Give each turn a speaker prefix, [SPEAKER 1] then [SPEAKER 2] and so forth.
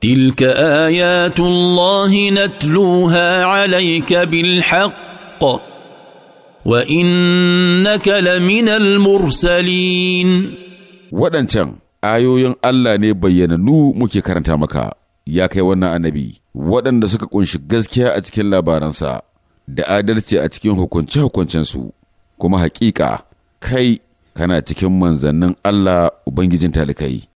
[SPEAKER 1] تلك ايات الله نتلوها عليك بالحق
[SPEAKER 2] وانك لمن المرسلين waɗancan ayoyin Allah ne bayyananu muke karanta maka ya kai wannan annabi waɗanda suka ƙunshi gaskiya a cikin labaransa da adalci a cikin hukunce-hukuncensu kuma haƙiƙa kai kana cikin manzannin Allah Ubangijin talikai.